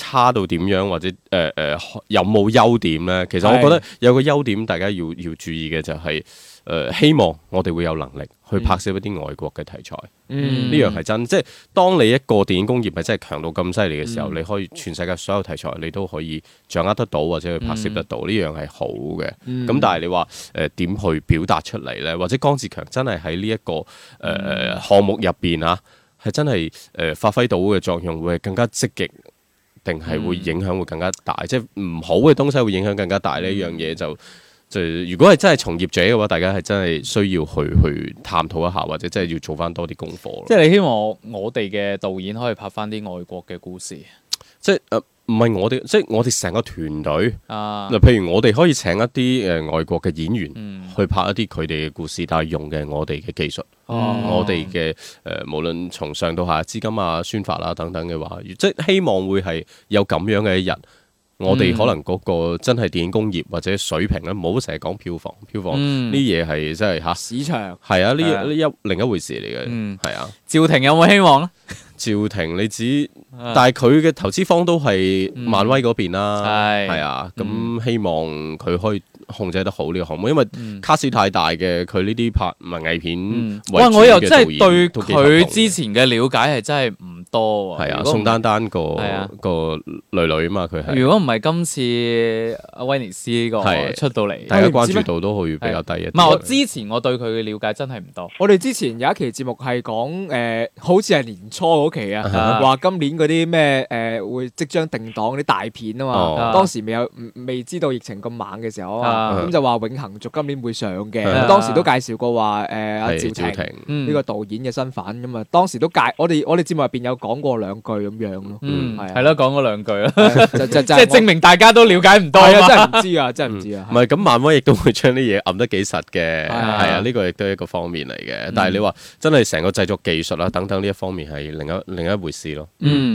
差到點樣，或者誒誒、呃呃、有冇優點咧？其實我覺得有個優點，大家要要注意嘅就係、是、誒、呃，希望我哋會有能力去拍攝一啲外國嘅題材。嗯、呢樣係真，即係當你一個電影工業係真係強到咁犀利嘅時候，嗯、你可以全世界所有題材你都可以掌握得到，或者去拍攝得到。呢樣係好嘅。咁、嗯、但係你話誒點去表達出嚟咧？或者江志強真係喺呢一個誒、呃、項目入邊啊，係真係誒、呃、發揮到嘅作用會係更加積極。定係會影響會更加大，嗯、即係唔好嘅東西會影響更加大。呢樣嘢就就如果係真係從業者嘅話，大家係真係需要去去探討一下，或者真係要做翻多啲功課。即係你希望我哋嘅導演可以拍翻啲外國嘅故事，即係、呃唔係我哋，即係我哋成個團隊啊！嗱，譬如我哋可以請一啲誒外國嘅演員去拍一啲佢哋嘅故事，嗯、但係用嘅我哋嘅技術，哦、我哋嘅誒，無論從上到下，資金啊、宣發啦、啊、等等嘅話，即係希望會係有咁樣嘅一日，嗯、我哋可能嗰個真係電影工業或者水平咧，唔好成日講票房，票房呢嘢係真係吓市場，係長啊呢一、啊、另一回事嚟嘅，嗯係啊。趙婷、嗯、有冇希望咧？趙婷你指，但係佢嘅投資方都係漫威嗰邊啦，係啊、嗯，咁希望佢可以控制得好呢個項目，因為卡士太大嘅，佢呢啲拍文藝片，喂我又真係對佢之前嘅了解係真係。多係啊，宋丹丹個個女女啊嘛，佢係。如果唔係今次威尼斯個出到嚟，大家關注度都會比較低一啲。唔係，我之前我對佢嘅了解真係唔多。我哋之前有一期節目係講，誒，好似係年初嗰期啊，話今年嗰啲咩誒會即將定檔啲大片啊嘛，當時未有未知道疫情咁猛嘅時候，咁就話永恆族今年會上嘅，當時都介紹過話誒阿趙婷呢個導演嘅身份咁嘛。當時都介我哋我哋節目入邊有。講過兩句咁樣咯，嗯，係係咯，啊、講過兩句咯，即係、啊、 <laughs> 證明大家都了解唔到。啊，真係唔知，知、嗯、啊，真係唔知啊。唔係咁，漫威亦都會將啲嘢暗得幾實嘅，係啊，呢、啊呢個亦都係一個方面嚟嘅。啊、但係你話真係成個製作技術啊等等呢一方面係另一、嗯、另一回事咯。嗯。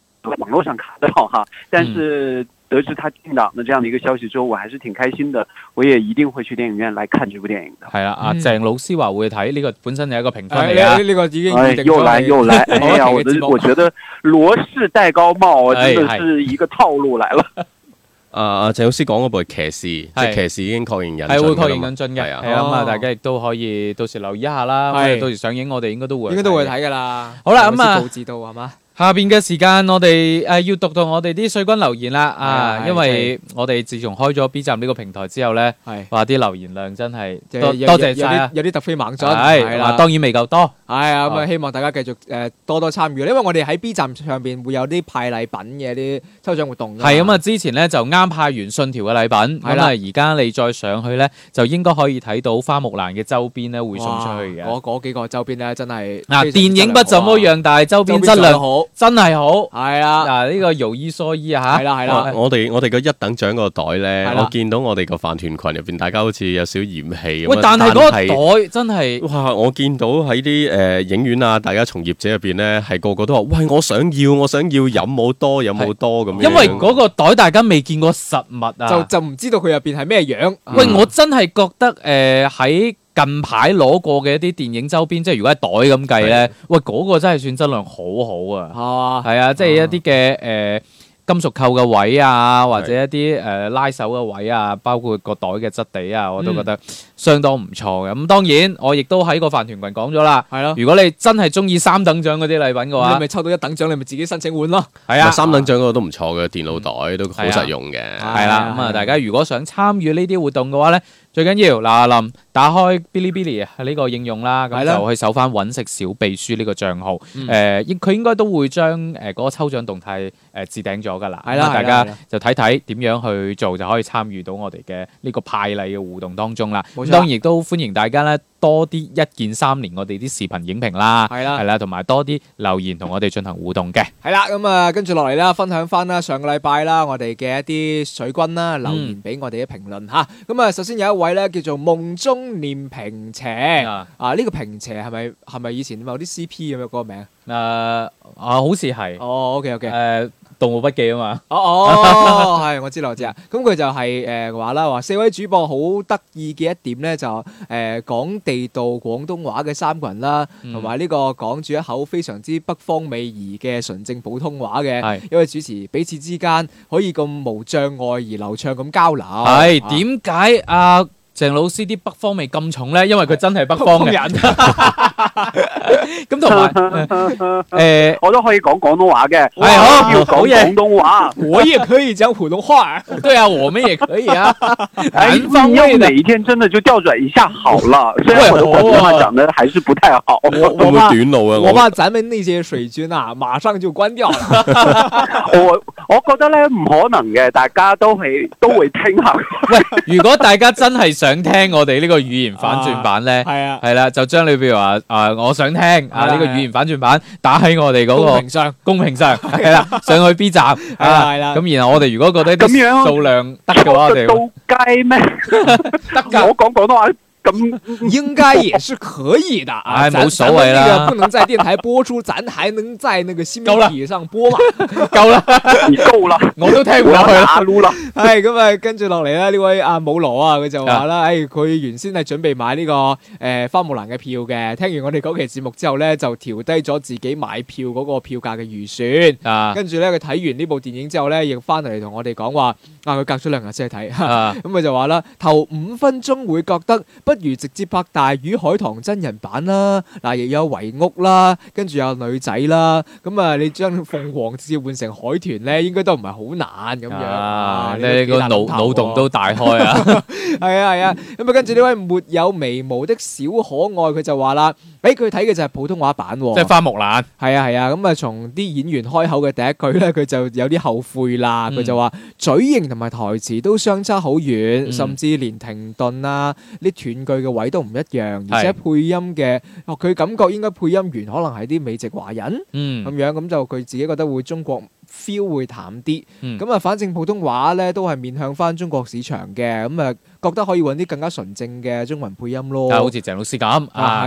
網絡上卡到哈，但是得知他進檔的這樣的一個消息之後，我還是挺開心的。我也一定會去電影院來看這部電影的。係啊，阿鄭老師話會睇呢個本身有一個平台嚟嘅。呢個已經預定咗。又來又來，哎呀，我我覺得羅氏戴高帽啊，真的是一個套路來了。啊啊，鄭老師講嗰部《騎士》，即係《騎士》已經確認引進。係會確認引進嘅，係啊。咁啊，大家亦都可以到時留意一下啦。到時上映我哋應該都會，應該都會睇噶啦。好啦，咁啊，先布到係嘛。下邊嘅時間我哋誒要讀到我哋啲水軍留言啦啊，因為我哋自從開咗 B 站呢個平台之後咧，係話啲留言量真係多，多謝有啲有啲突飛猛咗，係啦，當然未夠多，係啊。咁啊，希望大家繼續誒多多參與，因為我哋喺 B 站上邊會有啲派禮品嘅啲抽獎活動。係。咁啊，之前咧就啱派完信條嘅禮品，咁啊而家你再上去咧，就應該可以睇到花木蘭嘅周邊咧會送出去嘅。嗰嗰幾個周邊咧真係嗱，電影不怎麼樣，但係周邊質量。真係好，係啦啊！嗱、這個，呢個如衣蓑衣啊吓，係啦係啦。我哋我哋個一等獎個袋咧，啊、我見到我哋個飯團群入邊，大家好似有少少嫌棄。喂，但係嗰個袋真係，哇！我見到喺啲誒影院啊，大家從業者入邊咧，係個個都話：喂，我想要，我想要飲好多，飲好多咁是樣。因為嗰個袋大家未見過實物啊，就就唔知道佢入邊係咩樣。喂、嗯，嗯、我真係覺得誒喺。呃近排攞過嘅一啲電影周邊，即係如果係袋咁計呢，係啊喂，嗰個真係算質量好好啊！係啊，即係一啲嘅誒金屬扣嘅位啊，或者一啲誒係啊、呃、拉手嘅位啊，包括個袋嘅質地啊，我都覺得，嗯相當唔錯嘅，咁當然我亦都喺個飯團群講咗啦。係咯，如果你真係中意三等獎嗰啲禮品嘅話，你咪抽到一等獎，你咪自己申請換咯。係啊，三等獎嗰個都唔錯嘅，電腦袋都好實用嘅。係啦，咁啊，大家如果想參與呢啲活動嘅話咧，最緊要嗱阿林，打開 Bilibili 呢個應用啦，咁就去搜翻揾食小秘書呢個帳號。誒，佢應該都會將誒嗰個抽獎動態誒置頂咗㗎啦。係啦，大家就睇睇點樣去做，就可以參與到我哋嘅呢個派禮嘅互動當中啦。當然都歡迎大家咧，多啲一鍵三連我哋啲視頻影評啦，係啦的，係啦，同埋多啲留言同我哋進行互動嘅。係啦，咁、嗯、啊，跟住落嚟啦，分享翻啦，上個禮拜啦，我哋嘅一啲水軍啦，留言俾我哋嘅評論吓。咁啊、嗯，首先有一位咧叫做夢中念平邪、嗯、啊，呢、這個平邪係咪係咪以前某啲 CP 咁嘅個名？誒啊、呃，好似係。哦，OK OK。誒、呃。《動物筆記》啊嘛哦，哦哦，係我知，我知啊。咁佢就係誒話啦，話、呃、四位主播好得意嘅一點咧、就是，就、呃、誒講地道廣東話嘅三個人啦，同埋呢個講住一口非常之北方味兒嘅純正普通話嘅一位主持，彼此之間可以咁無障礙而流暢咁交流。係點解阿鄭老師啲北方味咁重咧？因為佢真係北，北方人。 <laughs> 咁同埋，誒，我都可以講廣東話嘅，係要講廣東話。我也可以講普通話，對啊，我們也可以啊。南方味嘅，又哪一天真的就調轉一下好了。所以我的普通話講得還是不太好，我怕短路咯，我怕咱們那些水軍啊，馬上就關掉。我我覺得咧唔可能嘅，大家都係都會聽下。喂，如果大家真係想聽我哋呢個語言反轉版咧，係啊，係啦，就將你譬如話啊。我想聽了啊！呢、這個語言反轉版打喺我哋嗰、那個屏了上，公屏上係啦，了上去 B 站係啦。咁了了、啊、然後我哋如果覺得數量得嘅樣話我， <laughs> 啊、我哋，咩？得㗎！我講廣東話。咁應該也是可以的，哎，冇所謂啦，不能在電台播出，咱還能在那個新媒體上播嘛？夠啦，夠啦，我都聽唔到佢啦，打啦！係咁啊，跟住落嚟啦，呢位阿姆羅啊，佢就話啦，哎，佢原先係準備買呢個誒《花木蘭》嘅票嘅，聽完我哋嗰期節目之後咧，就調低咗自己買票嗰個票價嘅預算，跟住咧佢睇完呢部電影之後咧，亦翻嚟同我哋講話，啊，佢隔咗兩日先去睇，咁佢就話啦，頭五分鐘會覺得。不如直接拍《大魚海棠》真人版啦，嗱亦有圍屋啦，跟住有女仔啦，咁、嗯、啊你將鳳凰直接換成海豚咧，應該都唔係好難，咁樣啊，啊啊你個腦腦洞都大開啊！係啊係啊，咁、嗯、啊、 <laughs> 嗯嗯、跟住呢位沒有眉毛的小可愛佢就話啦：，誒佢睇嘅就係普通話版、啊，即係花木蘭，係啊係啊，咁啊從啲演員開口嘅第一句咧，佢就有啲後悔啦。佢就話嘴型同埋台詞都相差好遠，嗯、甚至連停頓啊，啲斷。句嘅位都唔一樣，而且配音嘅是哦，佢感覺應該配音員可能係啲美籍華人，咁、嗯、樣咁就佢自己覺得會中國 feel 會淡啲，咁啊、嗯，反正普通話咧都係面向翻中國市場嘅，咁、嗯、啊，覺得可以揾啲更加純正嘅中文配音咯，啊、好似鄭老師咁啊，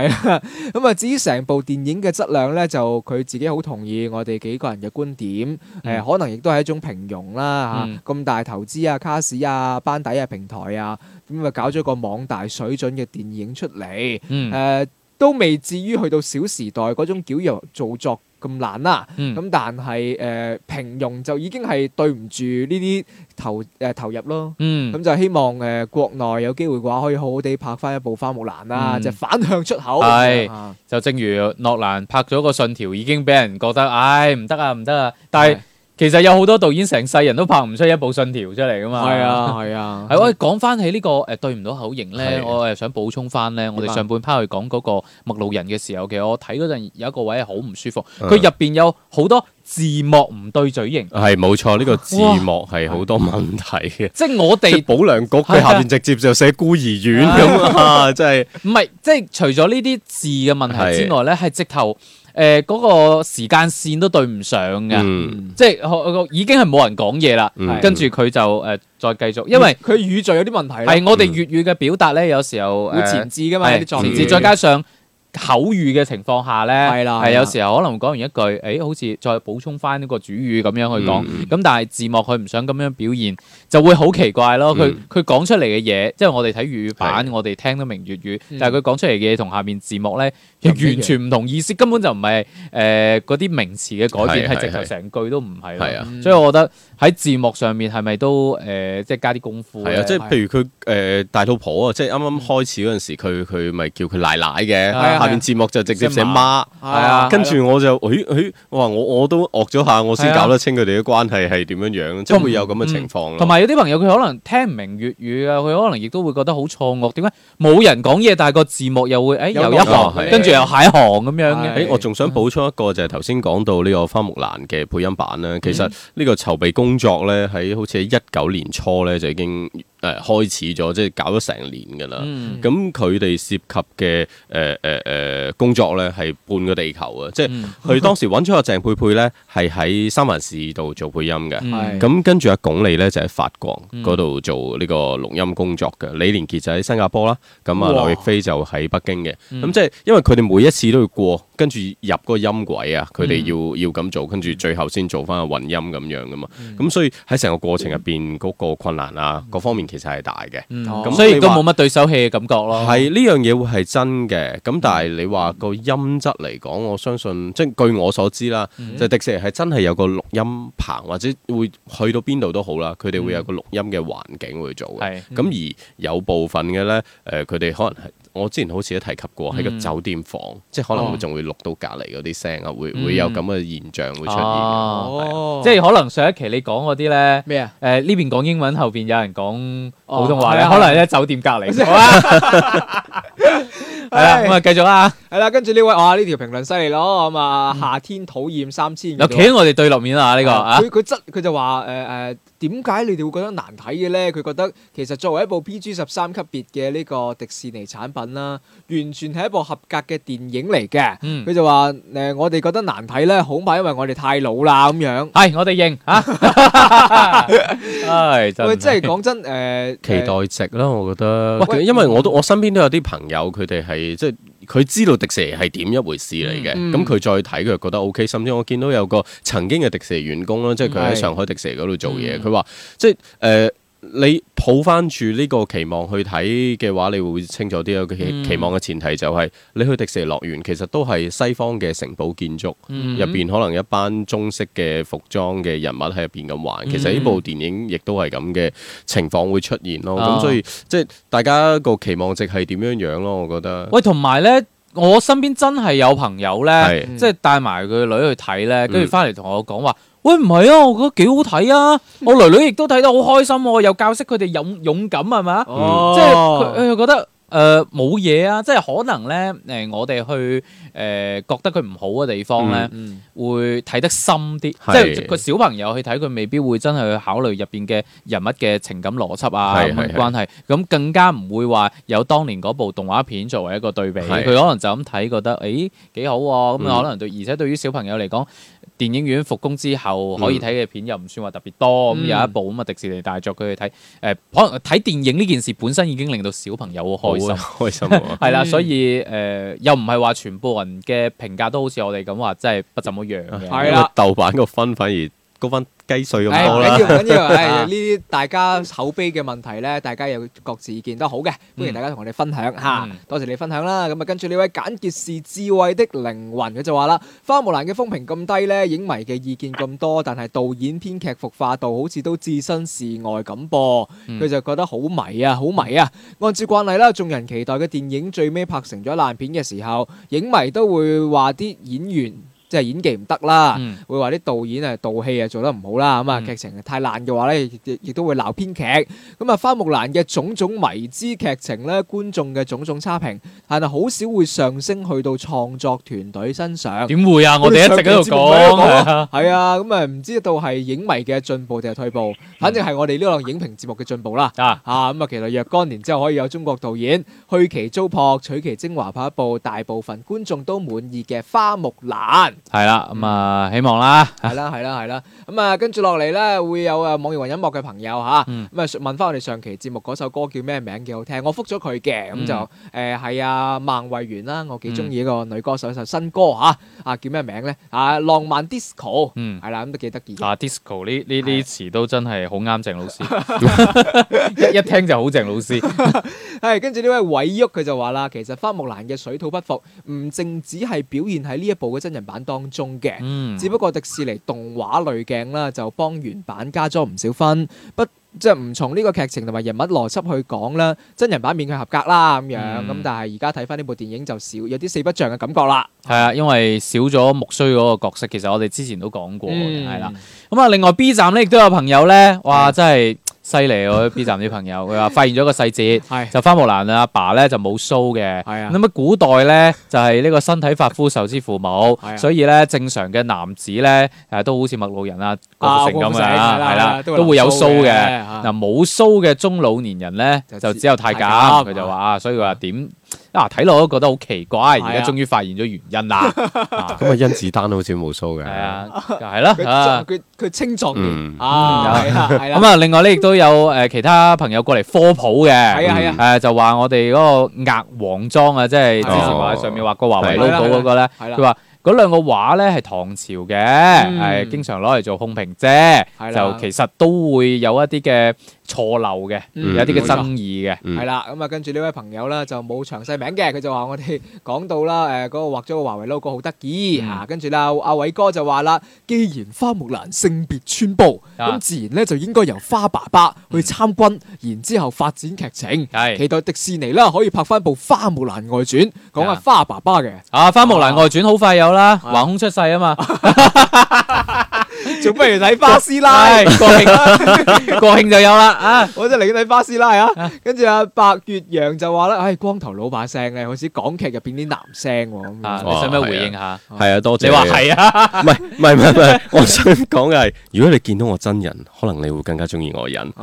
咁啊，至於成部電影嘅質量咧，就佢自己好同意我哋幾個人嘅觀點，誒、嗯呃，可能亦都係一種平庸啦，吓、嗯，咁大投資啊，卡士啊，班底啊，平台啊。咁咪搞咗個網大水準嘅電影出嚟，誒、嗯呃、都未至於去到小時代嗰種矯揉造作咁難啦、啊。咁、嗯、但係誒、呃、平庸就已經係對唔住呢啲投誒、呃、投入咯。咁就、嗯嗯、希望誒、呃、國內有機會嘅話，可以好好地拍翻一部花木蘭啦、啊，嗯、就反向出口。係是，嗯、就正如諾蘭拍咗個信條，已經俾人覺得，唉，唔得啊，唔得啊，但係。其實有好多導演成世人都拍唔出一部信條出嚟噶嘛？係啊，係啊。係喂，講翻起呢個誒對唔到口型咧，嗎我又想補充翻咧，我哋上半 part 去講嗰個《麥路人》嘅時候，其實我睇嗰陣有一個位係好唔舒服，佢入邊有好多字幕唔對嘴型。係，冇錯，呢、這個字幕係好多問題嘅。哇 <laughs> <laughs> 即係我哋們 保良局佢下邊直接就寫孤兒院咁 <laughs> 啊，真係。唔係， <laughs> 即係除咗呢啲字嘅問題之外咧，係是 直頭。誒嗰、呃嗰個時間線都對唔上嘅，嗯、即係已經係冇人講嘢啦，跟住佢就誒、呃、再繼續，因為佢語序有啲問題咧，係、嗯、我哋粵語嘅表達咧，有時候、呃、會前置㗎嘛，對狀前置，再加上。口語嘅情況下呢，係啦，係有時候可能會講完一句，誒，好似再補充翻呢個主語咁樣去講，咁但係字幕佢唔想咁樣表現，就會好奇怪咯。佢佢講出嚟嘅嘢，即係我哋睇粵語版，我哋聽得明粵語，但係佢講出嚟嘅嘢同下面字幕呢，亦完全唔同意思，根本就唔係誒嗰啲名詞嘅改變，係直頭成句都唔係。所以我覺得喺字幕上面係咪都誒，即係加啲功夫？係啊，即係譬如佢誒大肚婆啊，即係啱啱開始嗰陣時，佢佢咪叫佢奶奶嘅。下面字幕就直接寫媽，係啊的，跟住我就，誒誒的、哎哎，我話我我都惡咗下，我先搞得清佢哋嘅關係係點樣樣，即係的會有咁嘅情況。同埋、嗯嗯、有啲朋友佢可能聽唔明粵語啊，佢可能亦都會覺得好錯愕。點解冇人講嘢，但係個字幕又會誒又、哎、一行，的的跟住又下一行咁的樣嘅？誒的、哎，我仲想補充一個，的就係頭先講到呢個花木蘭嘅配音版啦。其實呢個籌備工作咧，喺好似係一九年初咧就已經。誒開始咗，即係搞咗成年㗎啦。咁佢哋涉及嘅誒誒誒工作咧，係半個地球啊！嗯、即係佢當時揾咗阿鄭佩佩咧，係喺三藩市度做配音嘅。咁、嗯嗯、跟住阿鞏俐咧就喺法國嗰度做呢個錄音工作嘅。李連杰就喺新加坡啦。咁啊哇，劉亦菲就喺北京嘅。咁即係因為佢哋每一次都要過，跟住入嗰個音軌啊，佢哋要、嗯、要咁做，跟住最後先做翻個混音咁樣㗎嘛。咁所以喺成個過程入邊嗰個困難啊，難各方面。其實係大嘅，咁、嗯、咁所以你話都冇乜對手戲嘅感覺咯。係呢樣嘢會係真嘅，咁但係你話個音質嚟講，嗯、我相信即係據我所知啦，嗯、就迪士尼係真係有個錄音棚，或者會去到邊度都好啦，佢哋會有個錄音嘅環境會做嘅。咁、嗯、而有部分嘅呢，誒、呃，佢哋可能係。我之前好似都提及過喺、嗯、個酒店房，即係可能會仲會錄到隔離嗰啲聲啊、嗯，會會有咁嘅現象會出現，哦、的即係可能上一期你講嗰啲咧咩啊？誒呢麼、呃、邊講英文，後邊有人講普通話咧，哦、可能喺酒店隔離。 <laughs> <laughs> 係啦，咁啊，繼續啦。係啦，跟住呢位，哇，呢條評論犀利咯，咁、嗯、啊，夏天討厭三千。又企喺我哋對立面啦，呢、呢個佢佢、啊、就話誒誒，點解、呃、你哋會覺得難睇嘅咧？佢覺得其實作為一部 P G 十三級別嘅呢個迪士尼產品啦，完全係一部合格嘅電影嚟嘅。佢、嗯、就話誒、呃，我哋覺得難睇咧，恐怕因為我哋太老啦咁樣。係，我哋認啊。係即係講真，誒，期、呃、待值啦，我覺得。喂因為我都我身邊都有啲朋友，佢哋係。即係佢知道迪士尼係點一回事嚟嘅，咁佢、嗯、再睇佢又覺得 OK。甚至我見到有個曾經嘅迪士尼員工啦，即係佢喺上海迪士尼嗰度做嘢，佢話即係誒。你抱翻住呢個期望去睇嘅話，你會清楚啲有期，期望嘅前提就係、是、你去迪士尼樂園，其實都係西方嘅城堡建築入邊，嗯、哼面可能一班中式嘅服裝嘅人物喺入邊咁玩。其實呢部電影亦都係咁嘅情況會出現咯。咁、嗯、哼所以即係大家個期望值係點樣樣咯？我覺得。喂，同埋呢，我身邊真係有朋友呢，即係的帶埋佢女去睇呢，跟住翻嚟同我講話。嗯喂，唔係啊，我覺得幾好睇啊！我女女亦都睇得好開心、啊，我又教識佢哋勇勇敢，係咪、嗯呃、啊？即係佢又覺得誒冇嘢啊！即係可能咧誒，我哋去誒覺得佢唔好嘅地方咧，嗯、會睇得深啲。是即係個小朋友去睇佢，未必會真係去考慮入邊嘅人物嘅情感邏輯啊咁嘅關係。咁更加唔會話有當年嗰部動畫片作為一個對比。佢是是可能就咁睇，覺得誒幾、欸、好喎、啊。咁可能對，而且對於小朋友嚟講。電影院復工之後、嗯、可以睇嘅片又唔算話特別多，咁、嗯、有一部啊迪士尼大作佢哋睇，誒可能睇電影呢件事本身已經令到小朋友好開心，開心係啦，所以誒、嗯呃、又唔係話全部人嘅評價都好似我哋咁話，真係不怎麼樣嘅，咁豆瓣個分反而。分多要、哎，唔緊要、啊。係呢、啊、啲、哎、大家口碑嘅問題咧，大家有各自意見都好嘅，歡迎大家同我哋分享嚇。嗯、多謝你分享啦。咁啊，跟住呢位簡潔是智慧的靈魂，佢就話啦：花木蘭嘅風評咁低咧，影迷嘅意見咁多，但係導演、編劇、服化道好似都置身事外咁噃。佢就覺得好迷啊，好迷啊。按照慣例啦，眾人期待嘅電影最尾拍成咗爛片嘅時候，影迷都會話啲演員。就係演技唔得啦，會話啲導演啊導戲啊做得唔好啦，咁啊劇情太爛嘅話咧，亦亦都會鬧編劇。咁啊花木蘭嘅種種迷之劇情咧，觀眾嘅種種差評，但係好少會上升去到創作團隊身上。點會啊？我哋一直喺度講，係啊，咁啊唔知道係影迷嘅進步定係退步，反正係我哋呢個影評節目嘅進步啦。啊，吓咁啊，其實若干年之後可以有中國導演去其糟粕取其精華，拍一部大部分觀眾都滿意嘅花木蘭。係啦，咁啊，希望啦。係啦，係啦，係啦。咁啊，跟住落嚟咧，會有啊網易雲音樂嘅朋友吓，咁啊問翻我哋上期節目嗰首歌叫咩名？幾好聽。我復咗佢嘅，咁就誒係啊，孟慧圓啦，我幾中意呢個女歌手一首新歌吓，啊叫咩名咧？啊浪漫 disco，嗯，係啦，咁都幾得意。啊 disco 呢，呢啲詞都真係好啱鄭老師，一一聽就好鄭老師。係，跟住呢位偉旭，佢就話啦，其實花木蘭嘅水土不服，唔淨只係表現喺呢一部嘅真人版當中嘅，嗯、只不過迪士尼動畫濾鏡啦，就幫原版加咗唔少分，不即係唔從呢個劇情同埋人物邏輯去講啦，真人版勉強合格啦咁樣，咁、嗯、但係而家睇翻呢部電影就少有啲四不像嘅感覺啦，係啊、嗯，因為少咗木鬚嗰個角色，其實我哋之前都講過係啦，咁啊、嗯，另外 B 站咧亦都有朋友咧，哇，嗯、真係。犀利喎 B 站啲朋友，佢話發現咗個細節，的就花木蘭阿爸咧就冇須嘅。咁乜的古代咧就係、是、呢個身體髮膚受之父母，的所以咧正常嘅男子咧誒都好似陌路人啊個性咁啊，係啦，的都，都會有須嘅。嗱冇須嘅中老年人咧就只有太監。佢監就話啊，所以話點？嗯以啊！睇落都覺得好奇怪，而家終於發現咗原因啦。咁啊，甄子丹都好似冇鬚嘅。係啊，就係咯。佢佢青壯年啊，係啦。咁啊，另外咧亦都有誒其他朋友過嚟科普嘅。係啊，係啊。誒，就話我哋嗰個鴨王莊啊，即係之前話喺上面畫過華為 logo 嗰個咧。係啦。佢話嗰兩個畫咧係唐朝嘅，係經常攞嚟做控評啫。就其實都會有一啲嘅。錯漏嘅，嗯、有啲嘅爭議嘅，係啦，咁啊，跟住呢位朋友咧就冇詳細名嘅，佢就話我哋講到啦，誒、呃，嗰、那個畫咗個華為 logo 好得意啊，嗯、跟住啦，阿偉哥就話啦，既然花木蘭性別穿布，咁、啊、自然咧就應該由花爸爸去參軍，啊、然之後發展劇情，係、啊，期待迪士尼啦可以拍翻部《花木蘭外傳》講下花爸爸嘅，啊，《花木蘭外傳》好快有啦，橫空出世啊嘛。 <laughs> <laughs> 仲不如睇巴斯拉，國慶啦，國慶就有啦啊！我就嚟睇巴斯拉啊！跟住啊，白月陽就話啦：「唉，光頭佬把聲咧，好似港劇入邊啲男聲喎。」你使唔使回應下？係啊，多謝你話係啊，唔係唔係唔係，我想講嘅係，如果你見到我真人，可能你會更加中意我嘅人。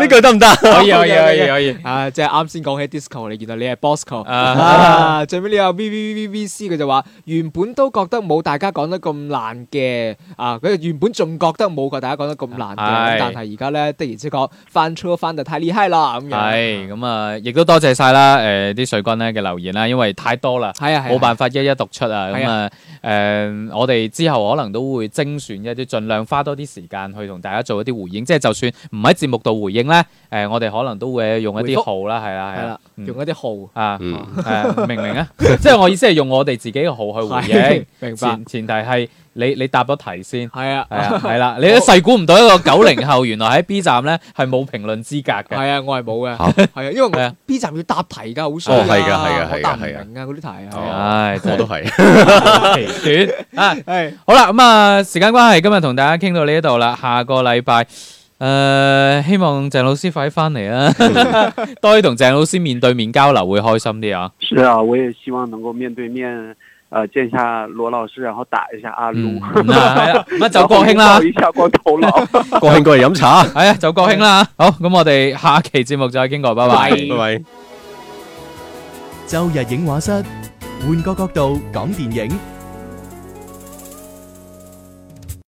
呢句得唔得？可以可以可以可以。啊，即係啱先講起 disco，你見到呢個 bosco 最尾呢個 v v v v c 佢就話，原本都覺得冇大家講得咁難。嘅啊，佢原本仲覺得冇個大家講得咁難睇，但係而家咧突然之講翻車翻得太厲害啦咁樣。係咁啊，亦都多謝晒啦，誒啲水軍咧嘅留言啦，因為太多啦，係啊，冇辦法一一讀出啊。咁啊，誒，我哋之後可能都會精選一啲，盡量花多啲時間去同大家做一啲回應。即係就算唔喺節目度回應咧，誒，我哋可能都會用一啲號啦，係啦，係啦，用一啲號啊，明唔明啊？即係我意思係用我哋自己嘅號去回應，明白前提係。你你答咗題先，係啊係啊係啦，你都細估唔到一個九零後，原來喺 B 站咧係冇評論資格嘅。係啊，我係冇嘅，係啊，因為 B 站要答題噶，好衰啊，好難啊，嗰啲題啊，唉，我都係，好啦，咁啊時間關係，今日同大家傾到呢一度啦，下個禮拜誒，希望鄭老師快啲翻嚟啊！多啲同鄭老師面對面交流會開心啲啊。是啊，我也希望能夠面對面。呃，見一下，羅老師，然後打一下阿盧。Uh,